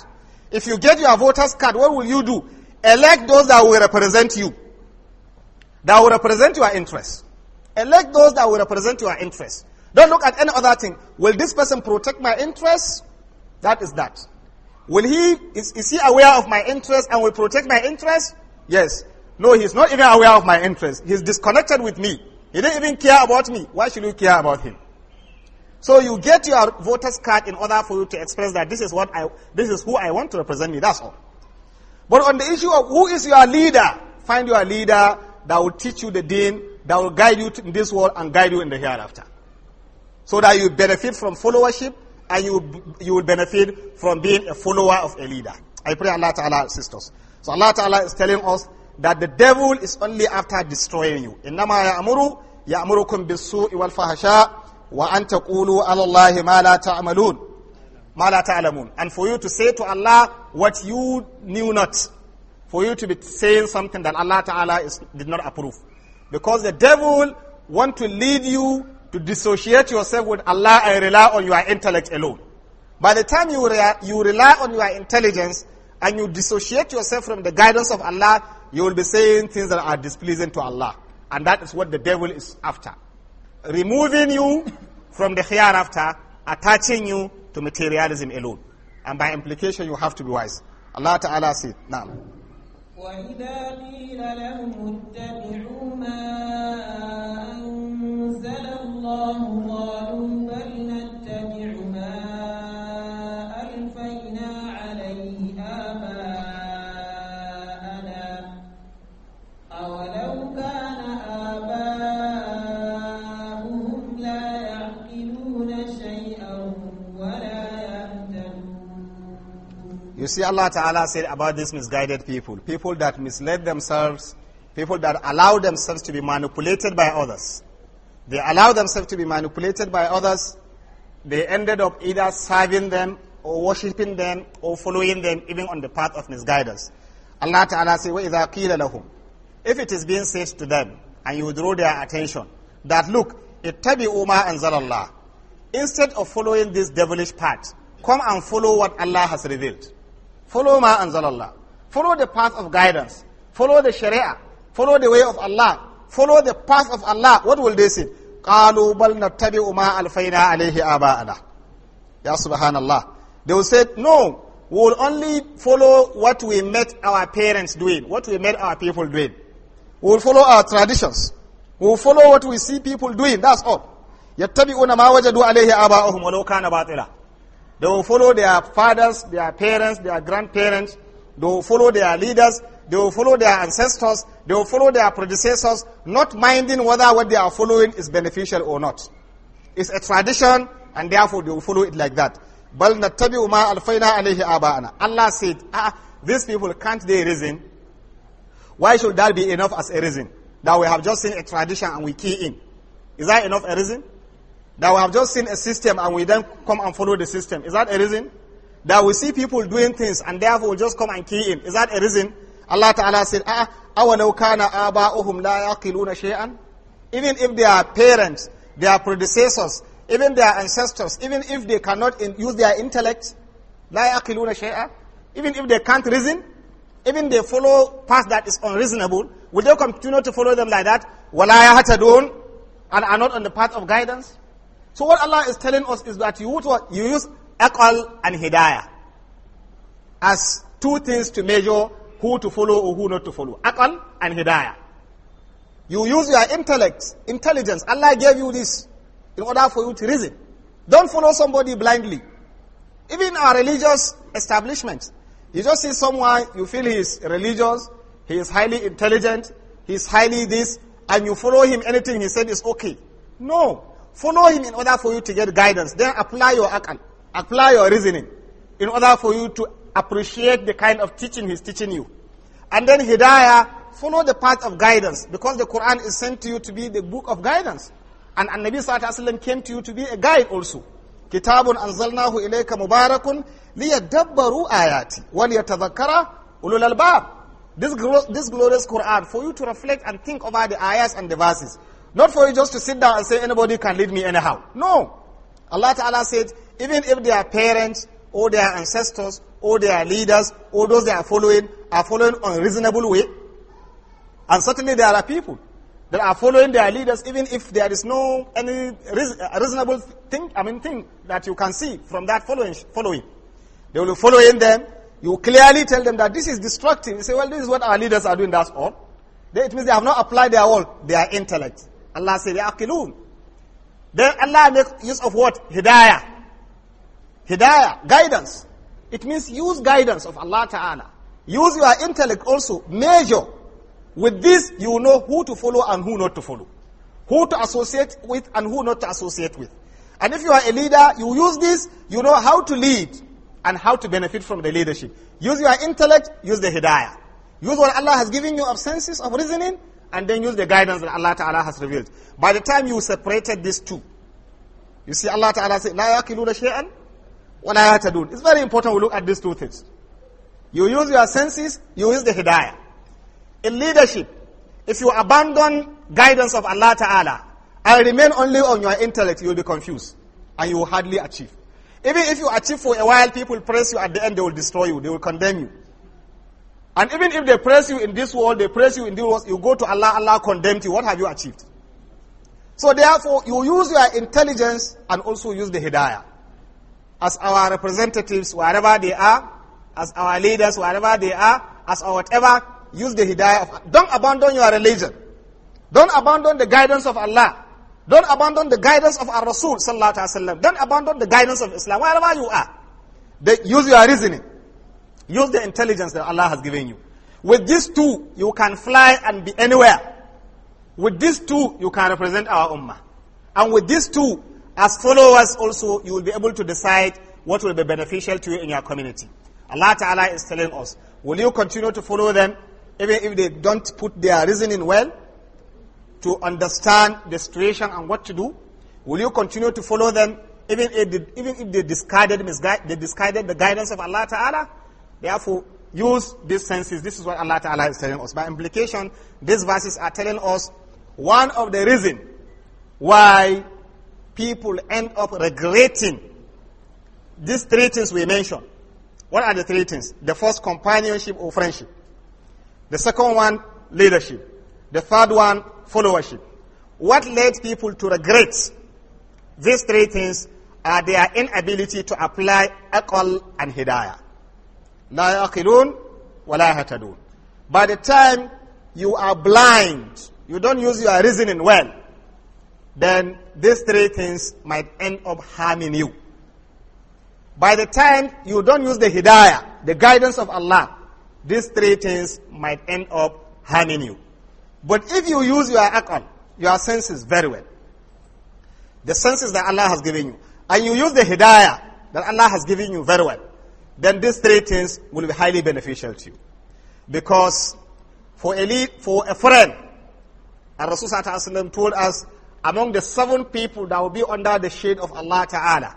If you get your voters card, what will you do? Elect those that will represent you. That will represent your interests. Elect those that will represent your interests. Don't look at any other thing. Will this person protect my interests? That is that. Will he, is, is he aware of my interests and will protect my interests? Yes. No, he's not even aware of my interest. He's disconnected with me. He didn't even care about me. Why should you care about him? So you get your voter's card in order for you to express that this is what I, this is who I want to represent me. That's all. But on the issue of who is your leader, find your leader that will teach you the deen, that will guide you in this world and guide you in the hereafter. So that you benefit from followership and you, you will benefit from being a follower of a leader. I pray Allah Ta'ala assist us. So Allah Ta'ala is telling us that the devil is only after destroying you. إنما يأمر يأمركم بالسوء والفحشاء وأن تقولوا على الله ما لا تعملون ما لا تعلمون and for you to say to Allah what you knew not for you to be saying something that Allah Ta'ala is, did not approve because the devil want to lead you to dissociate yourself with Allah and rely on your intellect alone by the time you, re you rely on your intelligence and you dissociate yourself from the guidance of Allah, you will be saying things that are displeasing to Allah. And that is what the devil is after. Removing you from the hereafter, attaching you to materialism alone. And by implication, you have to be wise. Allah Ta'ala said, now. وإذا قيل لهم اتبعوا ما أنزل الله You see, Allah Ta'ala said about these misguided people, people that misled themselves, people that allow themselves to be manipulated by others. They allow themselves to be manipulated by others. They ended up either serving them or worshipping them or following them even on the path of misguidance. Allah Ta'ala says, وَإِذَا قِيلَ لَهُمْ If it is being said to them, and you draw their attention, that look, اتَّبِعُوا مَا أَنزَلَ اللَّهِ Instead of following this devilish path, come and follow what Allah has revealed. Follow ma anzalallah. Follow the path of guidance. Follow the sharia. Follow the way of Allah. Follow the path of Allah. What will they say? قالوا بل نتبع ما ألفينا عليه آباءنا يا سبحان الله they will say no we will only follow what we met our parents doing what we met our people doing we will follow our traditions we will follow what we see people doing that's all يتبعون ما وجدوا عليه آباءهم ولو كان باطلا they will follow their fathers, their parents, their grandparents. They will follow their leaders. They will follow their ancestors. They will follow their predecessors, not minding whether what they are following is beneficial or not. It's a tradition, and therefore they will follow it like that. بَلْ نَتَّبِعُ مَا أَلْفَيْنَا عَلَيْهِ آبَاءَنَا Allah said, ah, these people can't they reason? Why should that be enough as a reason? That we have just seen a tradition and we key in. Is that enough a reason? That we have just seen a system and we then come and follow the system. Is that a reason? That we see people doing things and therefore we just come and key in. Is that a reason? Allah Ta'ala said, ah, أَوَلَوْ كَانَ آبَاؤُهُمْ la yaqiluna shay'an. Even if their parents, their predecessors, even their ancestors, even if they cannot use their intellect, la yaqiluna shay'an. Even if they can't reason, even they follow paths that is unreasonable, will they continue to follow them like that? وَلَا يَهْتَدُونَ And are not on the path of guidance? So what Allah is telling us is that you, you use aqal and hidayah as two things to measure who to follow or who not to follow. Aqal and hidayah. You use your intellect, intelligence. Allah gave you this in order for you to reason. Don't follow somebody blindly. Even our religious establishments. You just see someone, you feel he is religious, he is highly intelligent, he is highly this, and you follow him, anything he said is okay. No. Follow him in order for you to get guidance. Then apply your akal, apply your reasoning in order for you to appreciate the kind of teaching he's teaching you. And then hidayah, follow the path of guidance because the Quran is sent to you to be the book of guidance. And, and Nabi Sallallahu came to you to be a guide also. Kitabun anzalnahu ilayka mubarakun liyadabbaru ayati wal Yatadhakara ulul albab. This, this glorious Quran, for you to reflect and think over the ayahs and the verses. Not for you just to sit down and say, anybody can lead me anyhow. No. Allah Ta'ala said, even if their parents or their ancestors or their leaders or those they are following are following on a reasonable way, and certainly there are people that are following their leaders, even if there is no any uh, reasonable thing, I mean thing that you can see from that following. following. They will be following them. You clearly tell them that this is destructive. You say, well, this is what our leaders are doing, that's all. it means they have not applied their all, their intellect. Allah says, يَعْقِلُونَ Then Allah makes use of what? Hidayah. Hidayah, guidance. It means use guidance of Allah Ta'ala. Use your intellect also. Measure. With this, you will know who to follow and who not to follow. Who to associate with and who not to associate with. And if you are a leader, you use this, you know how to lead and how to benefit from the leadership. Use your intellect, use the hidayah. Use what Allah has given you of senses, of reasoning, and then use the guidance that Allah Ta'ala has revealed. By the time you separated these two, you see Allah Ta'ala said, La What I wa la yatadun. It's very important we look at these two things. You use your senses, you use the hidayah. In leadership, if you abandon guidance of Allah Ta'ala and remain only on your intellect, you will be confused and you will hardly achieve. Even if you achieve for a while, people praise you, at the end they will destroy you, they will condemn you. And even if they praise you in this world, they praise you in this world, you go to Allah, Allah condemn you. What have you achieved? So therefore, you use your intelligence and also use the hidayah. As our representatives, wherever they are, as our leaders, wherever they are, as our whatever, use the hidayah. Of, don't abandon your religion. Don't abandon the guidance of Allah. Don't abandon the guidance of our Rasul sallallahu alaihi wasallam. Don't abandon the guidance of Islam. Wherever you are, they use your reasoning. Use the intelligence that Allah has given you. With these two, you can fly and be anywhere. With these two, you can represent our ummah. And with these two, as followers also, you will be able to decide what will be beneficial to you in your community. Allah Ta'ala is telling us, will you continue to follow them even if they don't put their reasoning well to understand the situation and what to do? Will you continue to follow them even if they, even if they discarded, they discarded the guidance of Allah Ta'ala? Therefore, use these senses. This is what Allah Ta'ala is telling us. By implication, these verses are telling us one of the reasons why people end up regretting these three things we mentioned. What are the three things? The first, companionship or friendship. The second one, leadership. The third one, followership. What led people to regret these three things are their inability to apply akal and hidayah. لا يعقلون ولا يهتدون by the time you are blind you don't use your reasoning well then these three things might end up harming you by the time you don't use the hidayah the guidance of Allah these three things might end up harming you but if you use your aql your senses very well the senses that Allah has given you and you use the hidayah that Allah has given you very well then these three things will be highly beneficial to you. Because for a, lead, for a friend, Rasul Sallallahu told us among the seven people that will be under the shade of Allah Ta'ala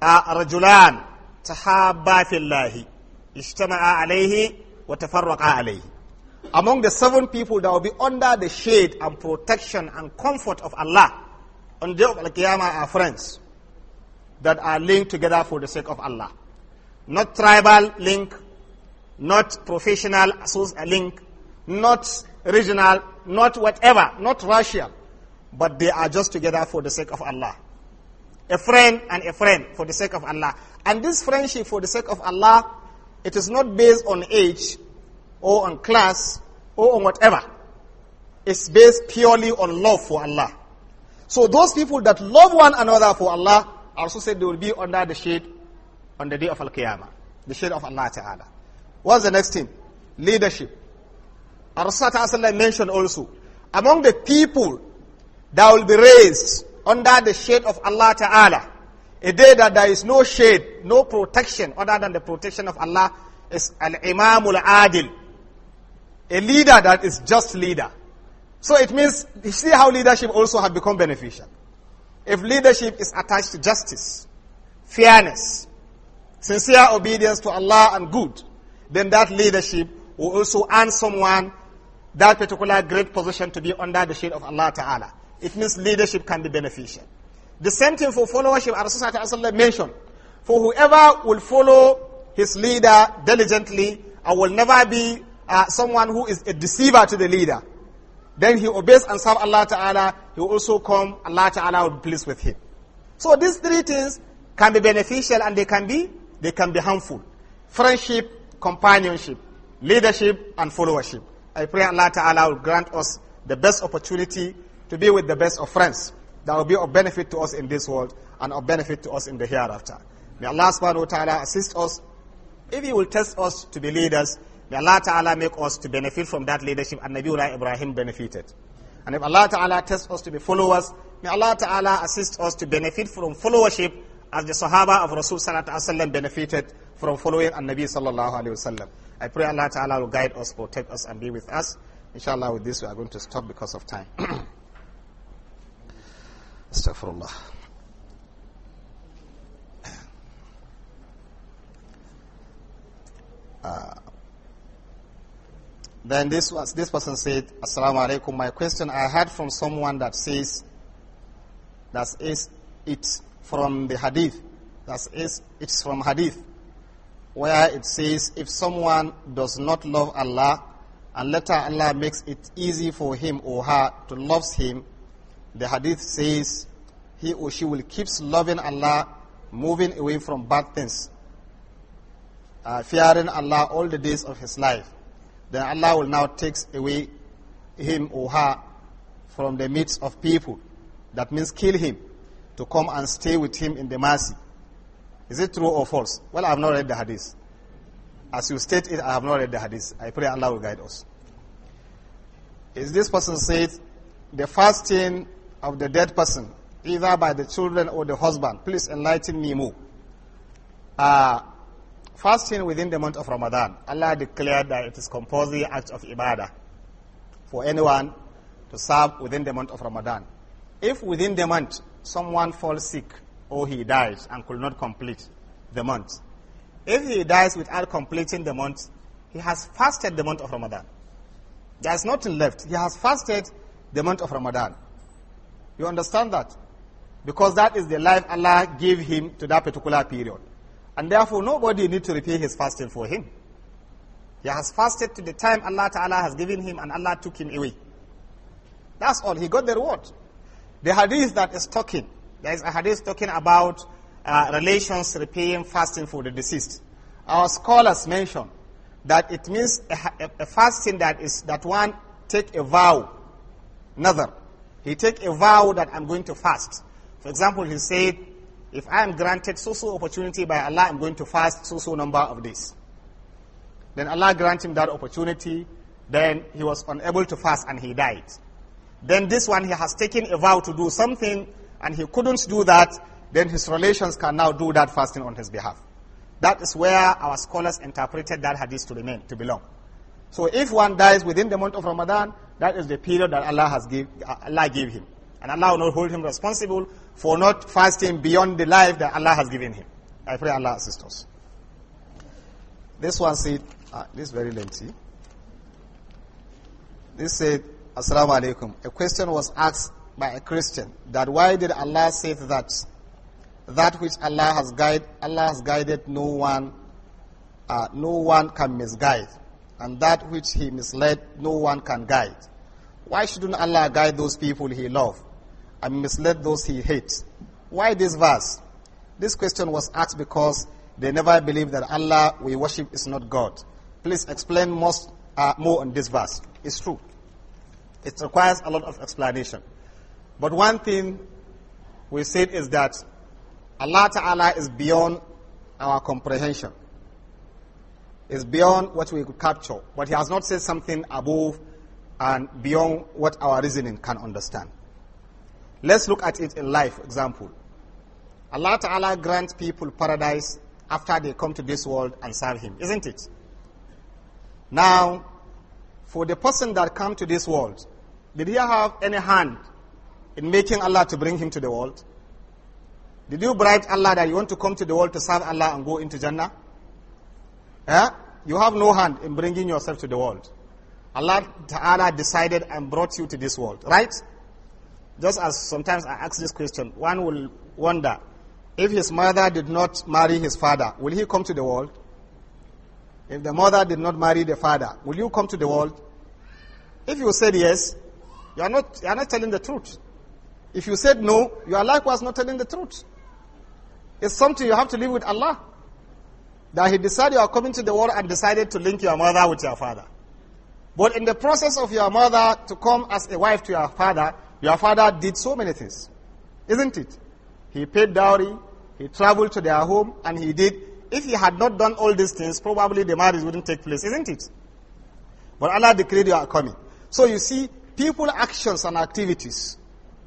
are Rajulan في الله Ishtama'a عليه wa عليه, Among the seven people that will be under the shade and protection and comfort of Allah on the day of Al-Qiyamah are friends that are linked together for the sake of Allah not tribal link, not professional link, not regional, not whatever, not racial, but they are just together for the sake of Allah. A friend and a friend for the sake of Allah. And this friendship for the sake of Allah, it is not based on age or on class or on whatever. It's based purely on love for Allah. So those people that love one another for Allah, also said they will be under the shade on the day of Al-Qiyamah, the shade of Allah Ta'ala. What's the next thing? Leadership. Rasulullah mentioned also, among the people that will be raised under the shade of Allah Ta'ala, a day that there is no shade, no protection other than the protection of Allah is Al-Imam Al-Adil. A leader that is just leader. So it means, you see how leadership also have become beneficial. If leadership is attached to justice, fairness, sincere obedience to Allah and good, then that leadership will also earn someone that particular great position to be under the shade of Allah Ta'ala. It means leadership can be beneficial. The same thing for followership, Rasulullah mentioned. For whoever will follow his leader diligently and will never be uh, someone who is a deceiver to the leader, then he obeys and serves Allah Ta'ala, he will also come, Allah Ta'ala will be pleased with him. So these three things can be beneficial and they can be they can be harmful. Friendship, companionship, leadership, and followership. I pray Allah Ta'ala will grant us the best opportunity to be with the best of friends. That will be of benefit to us in this world and of benefit to us in the hereafter. May Allah subhanahu wa ta'ala assist us. If He will test us to be leaders, may Allah ta'ala make us to benefit from that leadership and Nabiullah Ibrahim benefited. And if Allah ta'ala tests us to be followers, may Allah ta'ala assist us to benefit from followership as the Sahaba of Rasul Sallallahu Alaihi Wasallam benefited from following an Nabi Sallallahu Alaihi Wasallam. I pray Allah Ta'ala will guide us, protect us, and be with us. Inshallah, with this, we are going to stop because of time. Astaghfirullah. Uh, then this was this person said, Assalamu alaikum. My question I heard from someone that says that is it from the hadith. That is, it's from hadith, where it says, if someone does not love Allah, and later Allah makes it easy for him or her to love him, the hadith says, he or she will keep loving Allah, moving away from bad things, uh, fearing Allah all the days of his life. Then Allah will now take away him or her from the midst of people. That means kill him to come and stay with him in the mercy. Is it true or false? Well, I have not read the hadith. As you state it, I have not read the hadith. I pray Allah will guide us. Is this person said, the fasting of the dead person, either by the children or the husband, please enlighten me more. Uh, fasting within the month of Ramadan, Allah declared that it is compulsory act of ibadah for anyone to serve within the month of Ramadan. If within the month someone falls sick or he dies and could not complete the month. If he dies without completing the month, he has fasted the month of Ramadan. There is nothing left. He has fasted the month of Ramadan. You understand that? Because that is the life Allah gave him to that particular period. And therefore, nobody need to repay his fasting for him. He has fasted to the time Allah Ta'ala has given him and Allah took him away. That's all. He got the reward. The hadith that is talking, there is a hadith talking about uh, relations repaying fasting for the deceased. Our scholars mention that it means a, a, a fasting that is that one take a vow, another. He take a vow that I'm going to fast. For example, he said, if I am granted so-so opportunity by Allah, I'm going to fast so-so number of days. Then Allah grant him that opportunity. Then he was unable to fast and he died. Then this one, he has taken a vow to do something and he couldn't do that, then his relations can now do that fasting on his behalf. That is where our scholars interpreted that hadith to remain, to belong. So if one dies within the month of Ramadan, that is the period that Allah has give, Allah gave him. And Allah will not hold him responsible for not fasting beyond the life that Allah has given him. I pray Allah assist us. This one said, uh, this is very lengthy. This said, Assalamu alaikum. A question was asked by a Christian that why did Allah say that that which Allah has guided, Allah has guided no one, uh, no one can misguide, and that which He misled, no one can guide. Why shouldn't Allah guide those people He loves and mislead those He hates? Why this verse? This question was asked because they never believe that Allah we worship is not God. Please explain most, uh, more on this verse. It's true. It requires a lot of explanation. But one thing we said is that Allah Ta'ala is beyond our comprehension. It's beyond what we could capture. But He has not said something above and beyond what our reasoning can understand. Let's look at it in life, example. Allah Ta'ala grants people paradise after they come to this world and serve Him, isn't it? Now, for the person that come to this world, did he have any hand in making Allah to bring him to the world? Did you bribe Allah that you want to come to the world to serve Allah and go into Jannah? Eh? You have no hand in bringing yourself to the world. Allah Ta'ala decided and brought you to this world, right? Just as sometimes I ask this question, one will wonder, if his mother did not marry his father, will he come to the world? If the mother did not marry the father, will you come to the world? If you said yes, you are not, you are not telling the truth. If you said no, you are likewise not telling the truth. It's something you have to live with Allah. That He decided you are coming to the world and decided to link your mother with your father. But in the process of your mother to come as a wife to your father, your father did so many things. Isn't it? He paid dowry, he traveled to their home, and he did. If he had not done all these things, probably the marriage wouldn't take place, isn't it? But Allah decreed you are coming. So you see, people actions and activities,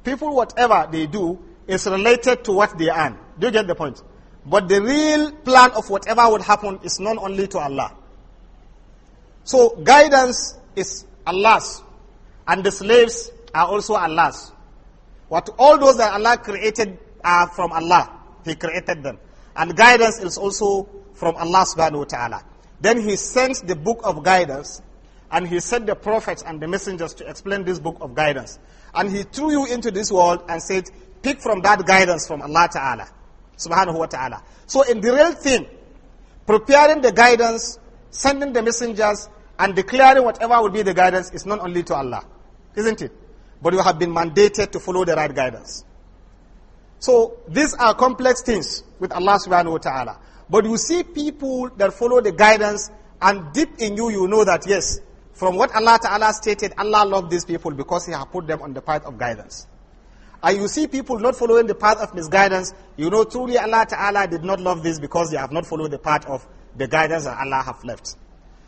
people whatever they do is related to what they earn. Do you get the point? But the real plan of whatever would happen is known only to Allah. So guidance is Allah's, and the slaves are also Allah's. What all those that Allah created are from Allah. He created them. And guidance is also from Allah subhanahu wa ta'ala. Then he sent the book of guidance and he sent the prophets and the messengers to explain this book of guidance. And he threw you into this world and said, pick from that guidance from Allah Ta'ala. Subhanahu wa Ta'ala. So in the real thing, preparing the guidance, sending the messengers, and declaring whatever would be the guidance is not only to Allah. Isn't it? But you have been mandated to follow the right guidance. So these are complex things with Allah subhanahu wa ta'ala. But you see people that follow the guidance and deep in you, you know that yes, from what Allah Ta'ala stated, Allah loved these people because He had put them on the path of guidance. And you see people not following the path of misguidance, you know truly Allah Ta'ala did not love this because they have not followed the path of the guidance that Allah have left.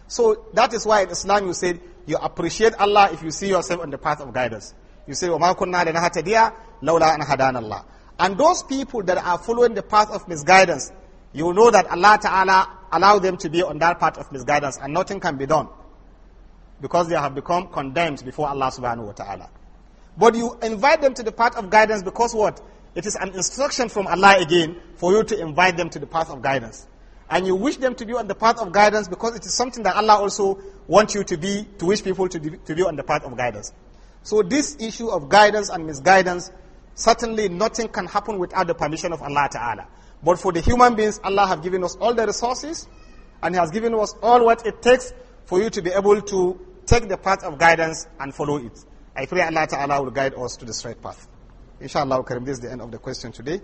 So that is why in Islam you said, you appreciate Allah if you see yourself on the path of guidance. You say, وَمَا كُنَّا لَنَهَتَدِيَا لَوْلَا أَنْ هَدَانَ اللَّهِ and those people that are following the path of misguidance, you know that Allah Ta'ala allowed them to be on that path of misguidance and nothing can be done because they have become condemned before Allah subhanahu wa ta'ala. But you invite them to the path of guidance because what? It is an instruction from Allah again for you to invite them to the path of guidance. And you wish them to be on the path of guidance because it is something that Allah also wants you to be, to wish people to, to be on the path of guidance. So this issue of guidance and misguidance, certainly nothing can happen without the permission of Allah Ta'ala. But for the human beings, Allah have given us all the resources and He has given us all what it takes for you to be able to take the path of guidance and follow it. I pray Allah Ta'ala will guide us to the straight path. Inshallah, Karim, this is the end of the question today.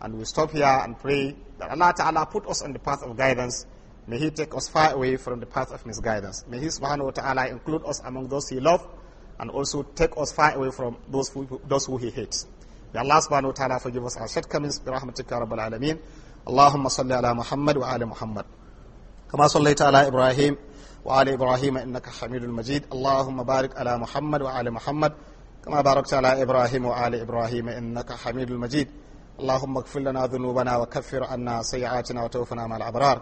And we stop here and pray that Allah Ta'ala put us on the path of guidance. May He take us far away from the path of misguidance. May He subhanahu wa ta'ala include us among those He loves and also take us far away from those who, those who He hates. May Allah subhanahu wa ta'ala forgive us our shortcomings. Birahmatika Rabbil Alameen. اللهم صل Muhammad. محمد وعلى محمد كما وآل إبراهيم إنك حميد مجيد اللهم بارك على محمد وآل محمد كما باركت على إبراهيم وآل إبراهيم إنك حميد مجيد اللهم اغفر لنا ذنوبنا وكفر عنا سيئاتنا وتوفنا مع الأبرار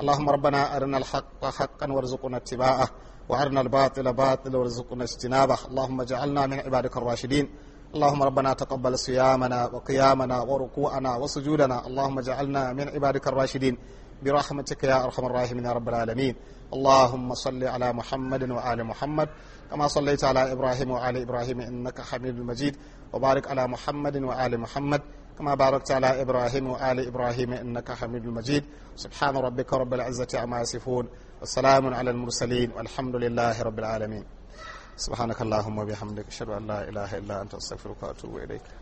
اللهم ربنا أرنا الحق حقا وارزقنا اتباعه وأرنا الباطل باطلا وارزقنا اجتنابه اللهم اجعلنا من عبادك الراشدين اللهم ربنا تقبل صيامنا وقيامنا وركوعنا وسجودنا اللهم اجعلنا من عبادك الراشدين برحمتك يا أرحم الراحمين يا رب العالمين اللهم صل على محمد وآل محمد كما صليت على إبراهيم وآل إبراهيم إنك حميد مجيد وبارك على محمد وآل محمد كما باركت على إبراهيم وآل إبراهيم إنك حميد مجيد سبحان ربك رب العزة عما يصفون والسلام على المرسلين والحمد لله رب العالمين سبحانك اللهم وبحمدك أشهد أن لا إله إلا أنت أستغفرك وأتوب إليك